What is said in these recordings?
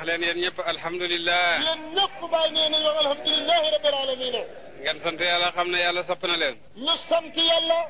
أهلا يا نيب الحمد لله ينق بين يني لله رب العالمين ngen sant yalla xamne yalla sopna len ñu sant yalla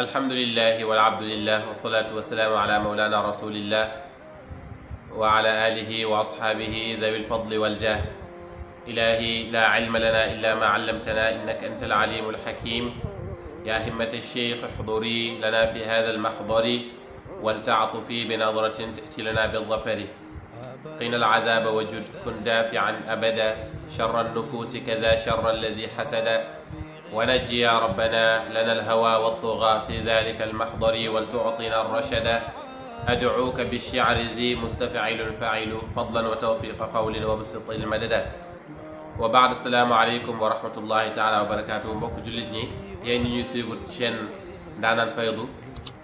الحمد لله والعبد لله والصلاة والسلام على مولانا رسول الله وعلى آله وأصحابه ذوي الفضل والجاه إلهي لا علم لنا إلا ما علمتنا إنك أنت العليم الحكيم يا همة الشيخ حضوري لنا في هذا المحضر ولتعطفي بنظرة تأتي لنا بالظفر قنا العذاب وجد كن دافعا أبدا شر النفوس كذا شر الذي حسد ونجي يا ربنا لنا الهوى والطغى في ذلك المحضر ولتعطينا الرشد أدعوك بالشعر ذي مستفعل فاعل فضلا وتوفيق قول وبسط المدد وبعد السلام عليكم ورحمة الله تعالى وبركاته barakaatu mbokk jullit ñi yéen ñi ñuy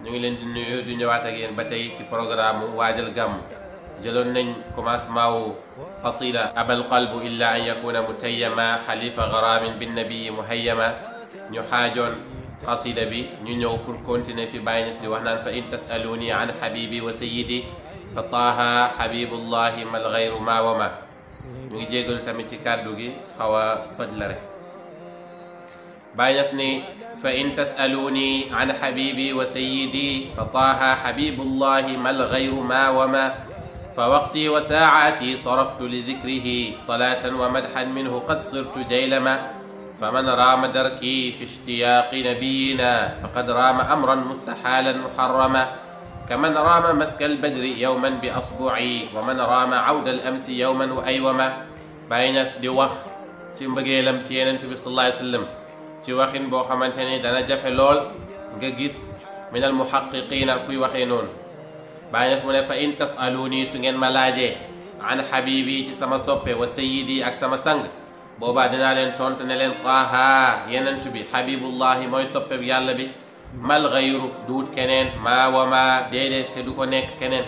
ñu ngi leen di nuyu di ñëwaat ak yéen ba tey ci programme waajal gàmm jëloon nañ commencement wu qasida abal qalbu illa an yakuna mutayyama xalifa garamin bin nabiyi muhayyama ñu xaajoon qasida bi ñu ñëw pour continuer fi Baay Ñas di wax naan fa in tasaluni an habibi wa sayyidi fa taaha habibullahi mal gayru ma wa ma ñu ngi jégalu tamit ci kàddu gi xaw a soj la rek بايسني فإن تسألوني عن حبيبي وسيدي فطاها حبيب الله ما الغير ما وما فوقتي وساعاتي صرفت لذكره صلاة ومدحا منه قد صرت جيلما فمن رام دركي في اشتياق نبينا فقد رام أمرا مستحالا محرما كمن رام مسك البدر يوما بأصبعي ومن رام عود الأمس يوما وأيوما بين دوخ تيم بغيلم تيننتو صلى الله عليه وسلم ci waxin bo xamanteni dana jafe lol nga gis min al muhaqiqiina kuy waxé non baye nef mu ne fa in tasaluni su ngeen ma laaje an habibi ci sama soppe wa sayyidi ak sama sang boba dana len tont ne len qaha yenent bi habibullah moy soppe yàlla bi mal ghayru dut kenen ma wa ma dede te du ko nek kenen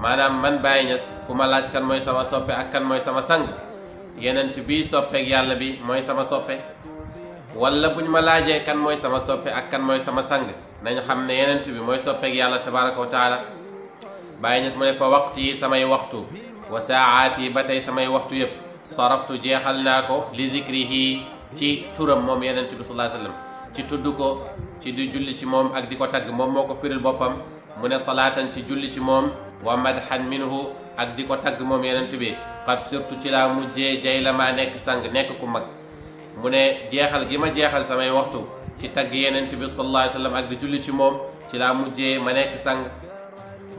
manam man Baye Niass ku ma laaj kan moy sama soppe ak kan moy sama sang yenent bi soppe ak yàlla bi moy sama soppe wala bu ñu ma laajee kan mooy sama soppe ak kan mooy sama sang nañu xam ne yenent bi mooy soppeek yàlla tabaraka wa taala bàyyi ñes mu ne fa waxtu yi samay waxtu wa saaat yi ba tey samay waxtu yëpp saraftu jeexal naa ko li zikrihi ci turam moom yenent bi sallallahu alayhi wasallam ci tudd ko ci di julli ci moom ak di ko tagg moom moo ko firil boppam mu ne salaatan ci julli ci moom wa madhan minhu ak di ko tagg moom yenent bi xat surtout ci laa mujjee jay la maa nekk sang nekk ku mag mune jeexal gi ma jeexal samay waxtu ci tag yenent bi sallallahu alayhi wasallam ak di julli ci mom ci la mujjé ma nek sang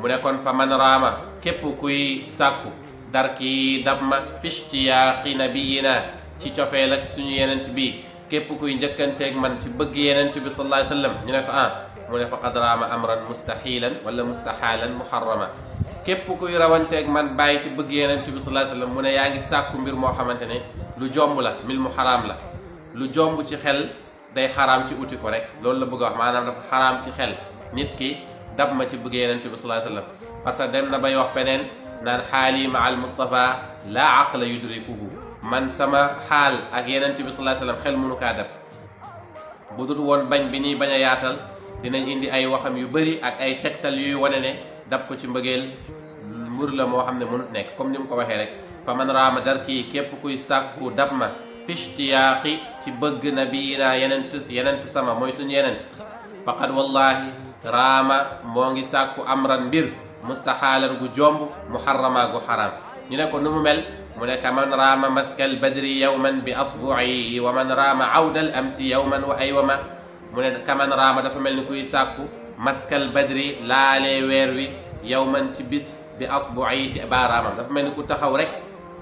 mune kon fa man rama kep kuy sàkku dar ki dabma ma nabiyina ci cofeel ak suñu yenent bi képp kuy ak man ci bëgg yenent bi sallallahu alayhi wasallam ñu ne ko ah mune fa faqad raama amran mustahilan wala mustahalan muharrama كيف كوي روانتك من بايت بجيان تبي صلى الله عليه وسلم من يعني ساق مير محمد تاني لجوم ولا مل محرام لا لجوم بتشي خل ده حرام تي أوتي كورك لول لبغا ما أنا بقول حرام تي خل نت كي دب ما تي بجيان تبي صلى الله عليه وسلم بس دم نبي وفنن نان حالي مع المصطفى لا عقل يدركه من سما حال أجيان تبي صلى الله عليه وسلم خل منو كادب بدور وان بني بني ياتل دين عندي أي وقت يبري أي تكتل يو وانه dab ko ci mbëggeel mbir la moo xam ne mënut nekk comme ni mu ko waxee rek fa man raama darkii képp kuy sàkku dab ma fishtiyaaqi ci bëgg nabiina yenent yenent sama mooy suñu yenent faqad wallahi raama moo ngi sàkku amran mbir mustaxaalar gu jomb muharrama gu xaraam ñu ne ko nu mu mel mu ne ka man raama maskal badri yawman bi asbuci wa man raama awdal amsi yawman wa aywama mu ne ka man raama dafa mel ni kuy sàkku maskal badri laalee weer wi yow man ci bis bi asbu'i ci baaraamam dafa mel ni ku taxaw rek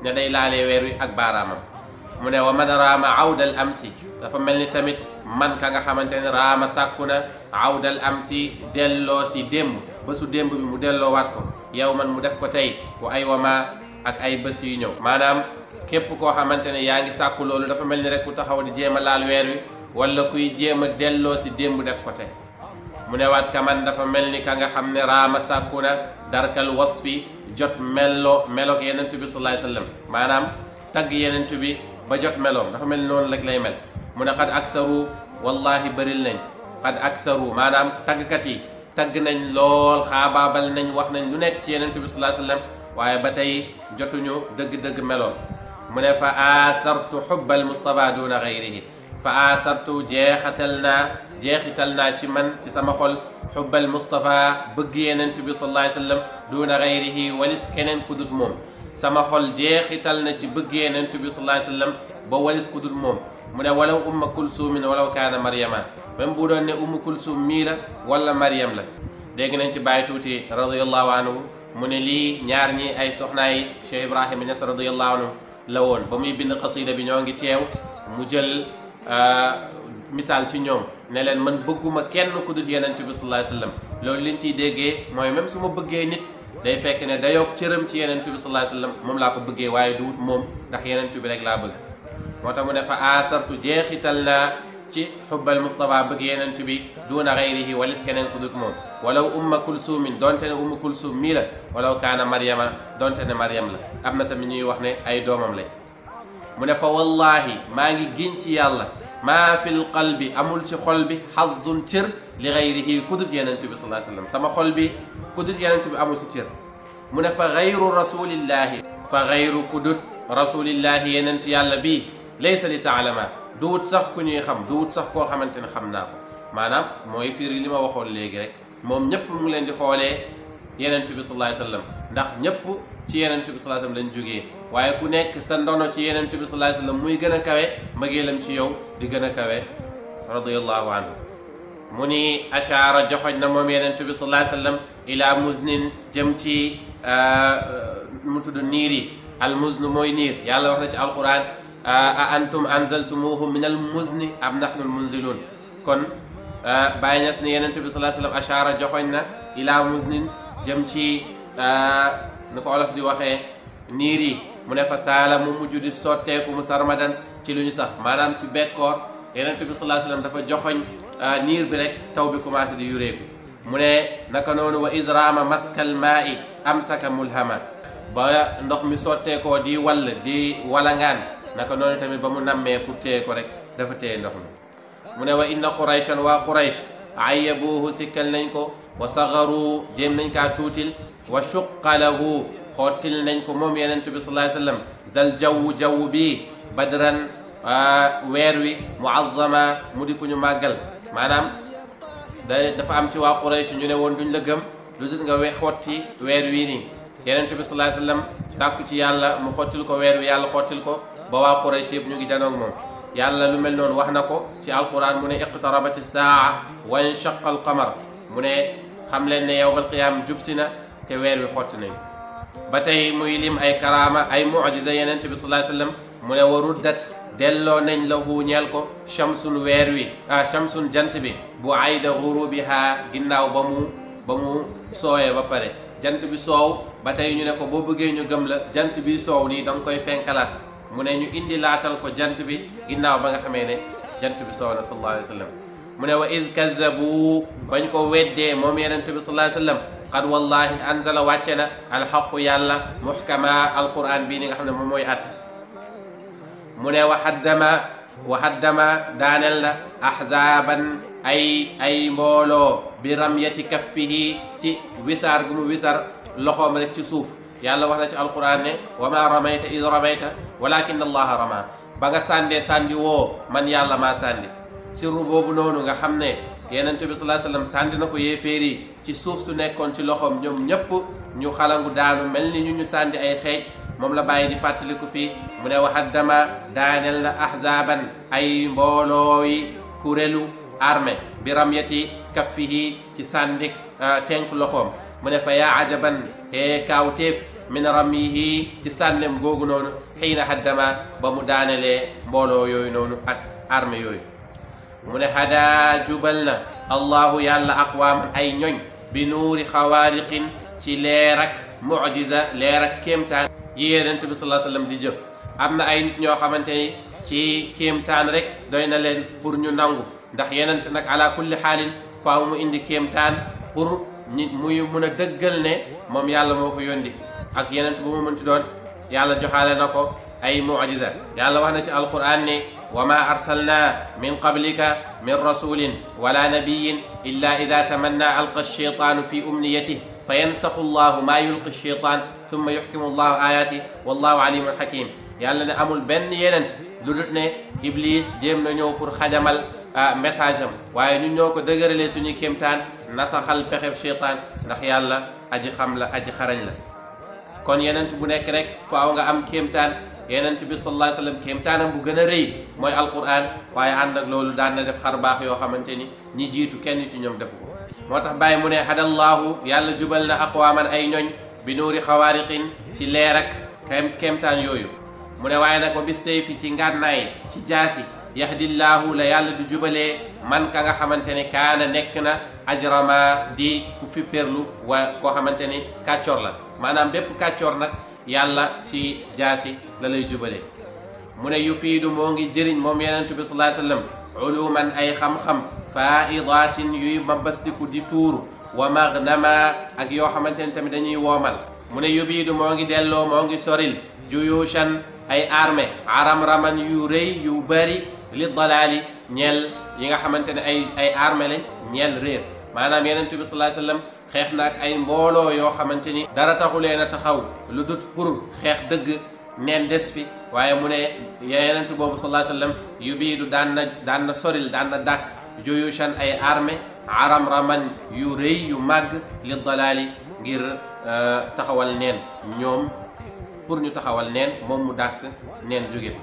ne day laalee weer wi ak baaraamam mu wa man raama awdal amsi dafa mel ni tamit man ka nga xamante ne raama sàkku na amsi delloo si démb bésu démb bi mu delloowaat ko yow man mu def ko tey wa ay wama ak ay bés yu ñëw maanaam képp koo xamante ne sàkku loolu dafa mel rek ku taxaw di jéem laal weer wi wala kuy jéem a si démb def ko tey mu ne waat kaman dafa mel ni ka nga xam ne raama sàkku na darkal wasfi jot melo meloog yenentu bi sallallahu alayhi wasallam maanaam tagg yenentu bi ba jot meloom dafa mel noonu rek lay mel mu ne xad aksaru wallahi bëril nañ xad aksaru maanaam taggkat yi tagg nañ lool xaabaabal nañ wax nañ lu nekk ci yenentu bi sallallahu alayhi wasallam waaye ba tey jotuñu dëgg-dëgg meloom mu ne fa aasartu xubbal mustafa duna gayrihi fa aasartu jeexatal naa jeexital naa ci man ci sama xol xubbal Moustapha bëgg yenent bi sallallahu alayhi wa sallam duuna gayrihi walis keneen ku dut moom sama xol jeexital na ci bëgg yenent bi sallallahu alayhi wa sallam ba walis ku dut moom mu ne walaw umma kulsuumin walaw kaana mariama même bu doon ne umma kulsuum mii la wala mariam la dégg nañ ci bàyyi tuuti radiallahu anhu mu ne lii ñaar ñi ay soxnaay Cheikh Ibrahima Niass radiallahu anhu la woon ba muy bind xasida bi ñoo ngi teew mu jël misaal ci ñoom ne leen man bëgguma kenn ku dul yonent bi sallallahu alayhi wasallam loolu liñ ciy déggee mooy même su ma bëggee nit day fekk ne dayoog cëram ci yonent bi sallallahu alayhi wasallam moom laa ko bëggee waaye du moom ndax yonent bi rek laa bëgg moo tax mu ne fa aasartu jeexital naa ci xubbal Moustapha bëgg yonent bi duuna xayrihi walis keneen ku dul moom walaw umma kulsuumin donte ne umma kulsuum mii la walaw kaana Mariama donte ne Mariam la am na tamit ñuy wax ne ay doomam lañ. mu ne fa wallaahi maa ngi giñ ci yàlla maa fil qalbi amul ci xol bi xaddun cër li gayrihi kudut yenent bi sallallahu alayhi wa sallam sama xol bi kudut yenent bi amul si cër mu ne fa gayru rasulillahi fa gayru kudut rasulillahi yenent yàlla bi laysa li taalama duwut sax ku ñuy xam duwut sax koo xamante ne xam naa ko maanaam mooy firi li ma waxoon léegi rek moom ñépp mu ngi leen di xoolee yenent bi sallallahu alayhi wa sallam ndax ñëpp ci yenent bi sallallahu alayhi wasallam lañ joggé waye ku nekk sa ndono ci yenent bi sallallahu alayhi wasallam muy gën kawe mbëggeelam ci yow di gën kawe radiyallahu anhu mu ni ashaara na mom yenent bi sallallahu alayhi wasallam ila muznin jëm ci mu tudd niir yi al muzn mooy niir yàlla wax na ci alquran a antum anzaltumuhu min al muzni am nahnu al munzilun kon Baye ñas ni yenent bi sallallahu alayhi wasallam ashara joxoj na ila muznin jëm ci na ko olof di waxee niir yi mu ne fa saala mu mujj di sotteeku mu sarmadan ci lu ñu sax maanaam ci bekkoor yonent bi sallallahu alayhi wasallam dafa joxoñ niir bi rek taw commencé di yureeku mu ne naka noonu wa idraama maskal maa amsaka mulhama ba ndox mi sotteekoo di wal di walangan naka noonu tamit ba mu nammee pour téye ko rek dafa téye ndox mi mu ne wa inna qurayshan waa quraysh ayabuuhu sikkal nañ ko wa sagaru jéem nañ kaa tuutil وشق له خوتل نينكو موم يننتو بي صلى الله عليه وسلم ذل جو جو بي بدرا آه، ويروي معظما مودي كونيو ماغال مانام دا فا ام سي وا قريش ني نون دون لغم لودن غا وي خوتي ويروي ني يننتو بي صلى الله عليه وسلم ساكو تي يالا مو خوتل كو ويروي يالا خوتل كو با قريش يب نيغي جانوك موم يالا لو نون واخنا كو سي القران مو اقتربت الساعه وانشق القمر مو ني يوم القيامه جوبسينا te weer wi xotti nañ ba tey muy liim ay karaama ay mujiza yenent bi sallallahu alayhi wasallam mu ne wa ruddat delloo nañ la huuñeel ko shamsun weer wi ah shamsun jant bi bu ayda ghurubiha ginnaaw ba mu ba mu sooyee ba pare jant bi soow ba tey ñu ne ko boo bëggee ñu gëm la jant bi soow nii da koy fenkalaat mu ne ñu indi laatal ko jant bi ginnaaw ba nga xamee ne jant bi soow na sallallahu alayhi mu ne wa id kaddabu bañ ko weddee moom yenent bi sallallahu alayhi wasallam قد والله أنزل واتنا الحق يالا محكما القرآن بيني أحمد ممي أت من وحدما وحدما دانل أحزابا أي أي مولو برمية كفه تي وسار جم وسار لخوم رك يسوف يالا وحنا تي القرآن وما رميت إذا رميت ولكن الله رمى بعسان دي ساندي و من يالا ما ساندي سيرو بوبنون وعهمني yenent bi sallallahu alayhi wasallam sandina ko yeferi ci souf su nekkon ci loxom ñom ñëpp ñu xalangu daanu melni ñu ñu sandi ay xej mom la baye di fàttaliku fi mu ne wa hadama daanel la ahzaban ay mbooloo yi kurélu armée bi ramyati kaffihi ci sàndik tenk loxom mu ne fa ya ajaban e kawtef min ramihi ci sànnem googu noonu xiina haddama ba mu daanelee mbooloo yooyu noonu ak armée yooyu mu ne xadaa jubal na allahu yàlla aqwaam ay ñoñ bi nuuri xawaariqin ci leer ak mucjisa leer ak kéemtaan yi yonent bi salaa sallam di jëf am na ay nit ñoo xamante ni ci kéemtaan rek doy na leen pour ñu nangu ndax yonent nag ala kulli xaalin faaw mu indi kéemtaan pour nit muy mun a dëggal ne moom yàlla moo ko yóndi ak yonent bu mu mënti doon yàlla joxaale na ko ay mucjisa yàlla wax na ci alquran ne وما أرسلنا من قبلك من رسول ولا نبي إلا إذا تمنى ألقى الشيطان في أمنيته فينسخ الله ما يلقي الشيطان ثم يحكم الله آياته والله عليم الحكيم يعني أنا أمول بن يننت لولتنا إبليس ديم نيو بور خدم المساجم آه، واي نيو كو دغر كيمتان نسخ الفخف الشيطان نخ يالا أجي خمل أجي خرنلا كون يننت بو نيك رك فاوغا أم كيمتان yenent bi sallallahu alayhi wa sallam kéemtaanam bu gën a rëy mooy alquran waaye ànd ak loolu daan na def xar baax yoo xamante ni ñi jiitu kenn ci ñoom defu ko moo tax bàyyi mu ne hadallaahu yàlla jubal na aqwaaman ay ñoñ bi nuuri xawaariqin ci leer ak kéem kéemtaan yooyu mu ne waaye nag wa bi sayfi ci ngànnaay ci jaasi yahdillaahu la yàlla du jubalee man ka nga xamante ne kaana nekk na ajrama di ku fi perlu waa koo xamante ni kàccoor la maanaam bépp kàccoor nag yàlla ci jaasi la lay jubale mu ne yufiidu moo ngi jëriñ moom yenentu bi sallallahu alayhi wasallam uluman ay xam-xam faaidatin yuy mabbastiku di tuuru wa magnama ak yoo xamante ne tamit dañuy woomal mu ne yubiidu moo ngi delloo moo ngi soril juyushan ay armée aram-raman yu rëy yu bari li dalaali ñeel yi nga xamante ne ay ay armée lañ ñeel réer maanaam yenentu bi sallallahu alayhi wasallam xeex na ak ay mbooloo yoo xamante dara taxu leen a taxaw lu dut pour xeex dëgg neen des fi waaye mu ne yenent boobu sallallahu alayhi wasallam yu biidu na daan na soril daan na dàkk juyushan ay arme aram raman yu rëy yu màgg li dalaali ngir taxawal neen ñoom pour ñu taxawal neen moom mu dàkk neen jóge fi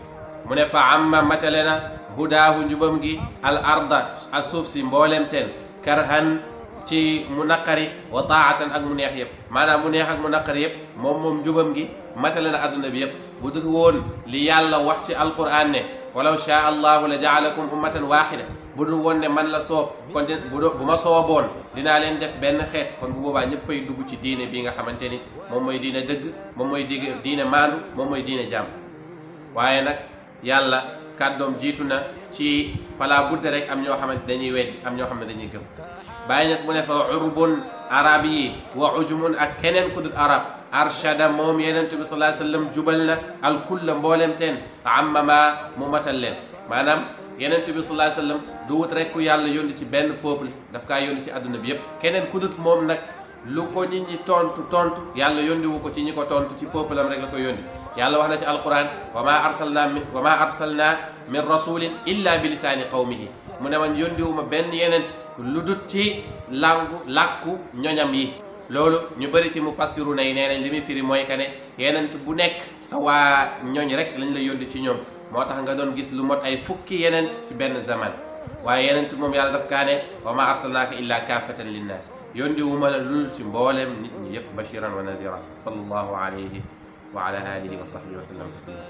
mu ne fa amma matale na hudaahu gi al arda ak suuf si mbooleem seen karhan ci mu naqari wa taatan ak mu neex yëpp maanaam mu neex ak mu naqari yëpp mom moom njubam gi matale na àdduna bi yeb bu dul won li yàlla wax ci alquran ne walaw sha Allah la jaalakum ummatan wahida bu dul won ne man la so kon de bu ma sooboon dinaa def ben xet kon bu boobaa ñëppay dugg ci diine bi nga xamanteni mom moy diine deug mom moy diine maandu mom moy diine jam waye nak yàlla kaddom jituna na ci fala budde rek am ño xamanteni dañuy am ño xamanteni dañuy gëm baye Ñas mu ne fa urbun arabiy wa ujmun ak kenen kudut arab arshada mom yenent bi sallallahu alayhi wasallam jubal na alkulla mbooleem sen amma mu matal leen maanaam yenent sallallahu alayhi wasallam du wut rek ku yàlla yónni ci ben peuple daf ka yónni ci aduna bi yépp kenen kudut mom nak lu ko nit ñi tontu tontu yàlla yóndiwu ko ci ñi ko tontu ci peuple am rek la ko yónni yàlla wax na ci alquran wa ma arsalna min wa ma arsalna min rasulin illa bi lisaani qawmihi mu ne man yóndiwuma benn yenent lu dut ci langu làkku ñoñam yi loolu ñu bëri ci mu fassiru nay nee nañ li muy firi mooy que ne yenent bu nekk sa waa ñoñ rek lañ la yóndi ci ñoom moo tax nga doon gis lu mot ay fukki yenent ci benn zaman waaye yeneen ci moom yàlla daf kaa ne wa ma arsalnaaka illa kaafatan linnaas yónni wu ma la lul ci mbooleem nit ñi yëpp bashiran wa nadira sallallahu alayhi wa ala alihi wa sahbihi wa sallam taslima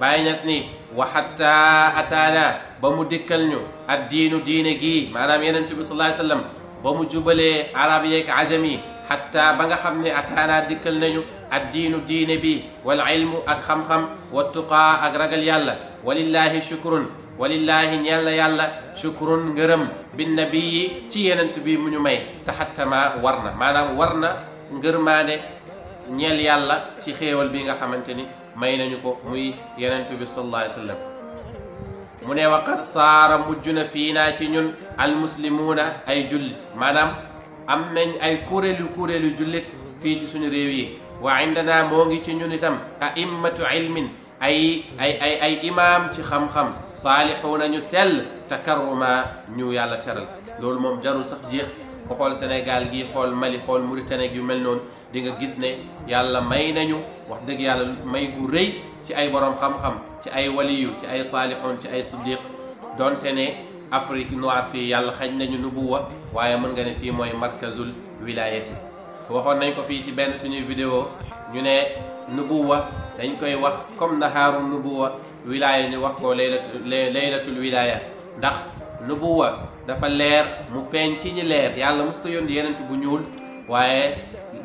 bàyyi ñas ni wa hatta ataana ba mu dikkal ñu ad diinu diine gii maanaam yenent bi sallallahu alayhi wa sallam ba mu jubalee arab yeeg ajam yi hatta ba nga xam ne ataana dikkal nañu addiinu diine bi wal ilmu ak xam-xam wattuqaa ak ragal yàlla walillaahi shukrun walillaahi ñeel na yàlla shukrun ngërëm bi nabiyi ci yenent bi mu ñu may taxattama war na maanaam war na ngërmaande ñeel yàlla ci xéewal bi nga xamante ni may nañu ko muy yenent bi sallallahu alayhi wa sallam mu ne waqat saara mujj na fii naa ci ñun almuslimuuna ay jullit maanaam am nañ ay kuréelu kuréelu jullit fii ci suñu réew yi wa indana moo ngi ci ñun itam a'immatu ilmin ay ay ay ay imaam ci xam-xam saalihuuna ñu sell takarruma ñu yàlla teral loolu moom jarul sax jeex ko xool Sénégal gi xool Mali xool Mauritanie yu mel noonu di nga gis ne yàlla may nañu wax dëgg yàlla may gu rëy ci ay borom xam-xam ci ay waliyu ci ay saalihuun ci ay siddiq donte ne Afrique noire fii yàlla xañ nañu nubuwa waaye mën nga ne fii mooy markazul wilayati waxoon nañ ko fii ci benn suñuy vidéo ñu ne nubuwa dañ koy wax comme nahaaru nubuwa wilaaya ñu wax ko laylatu laylatul wilaaya ndax nubuwa dafa leer mu feeñ ci ñi leer yàlla musta yónni yenent bu ñuul waaye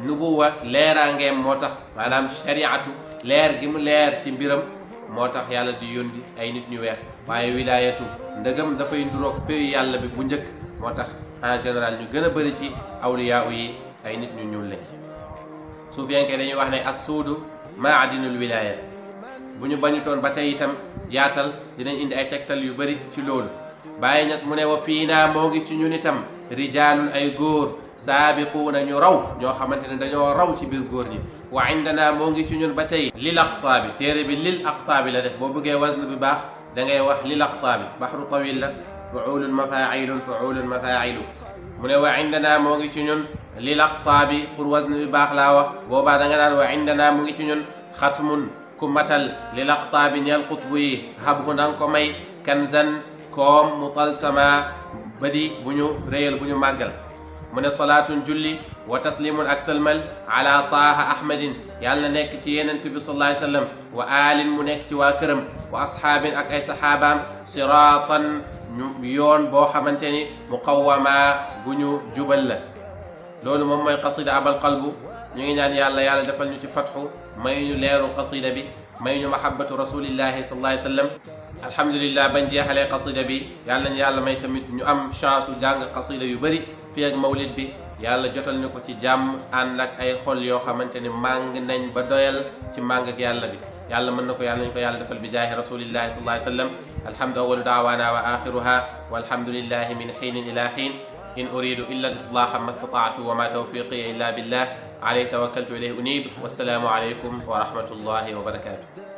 nubuwa leeraangeem moo tax maanaam shariatu leer gi mu leer ci mbiram moo tax yàlla di yónni ay nit ñu weex waaye wilaayatu ndëgam dafay nduroog peyu yàlla bi bu njëkk moo tax en général ñu gën a bëri ci awliyaa yi ay nit ñu ñuul lañ suufiyaan kay dañuy wax ne assuudu maadinul wilaaya bu ñu bañutoon ba tey itam yaatal dinañ indi ay tegtal yu bari ci loolu bàyyi Ñas mu ne wa fii naa moo ngi ci ñun itam rijaalun ay góor saabiquuna ñu raw ñoo xamante ne dañoo raw ci biir góor ñi wa indana moo ngi ci ñun ba tey lil aqtaabi téere bi lil aqtaabi la def boo bëggee wasn bi baax da ngay wax lil aqtaabi baxru tawil la fuulun mafaailu fuulun mafaailu mu ne wa indana moo ngi ci ñun lil aqtaabi pour wasne bi baax laa wax boobaa da nga daan wa indana mu ngi ci ñun xatmun ku matal lil aqtaabi ñeel xutbu yi habhu na nga ko may kanzan koom mu talsama badi bu ñu réyal bu ñu màggal mu ne salaatun julli wa taslimun ak salmal ala taaha ahmadin yàlla na nekk ci yenent bi sallallahu alayhi sallam wa aalin mu nekk ci waa këram wa asxaabin ak ay saxaabaam siraatan yoon boo xamante ni muqawama bu ñu jubal la لولو مم ماي قصيدة عبا القلب نيجي نان يالا يالا دفل نيجي فتح مينو ليرو قصيدة بي مينو محبة رسول الله صلى الله عليه وسلم الحمد لله بنجي حلي قصيدة بي يالا يالا ما يتمد نعم شانس جانغ قصيدة يبري في اج مولد بي يالا جوتل نيكو تي جام ان لك اي خول يو خمنتني مانغ نان بدويل تي مانغ يالا بي يالا من نكو يالا نكو يالا دفل بجاه رسول الله صلى الله عليه وسلم الحمد أول دعوانا وآخرها والحمد لله من حين إلى حين إن أريد إلا الإصلاح ما استطعت وما توفيقي إلا بالله عليه توكلت إليه أنيب والسلام عليكم ورحمة الله وبركاته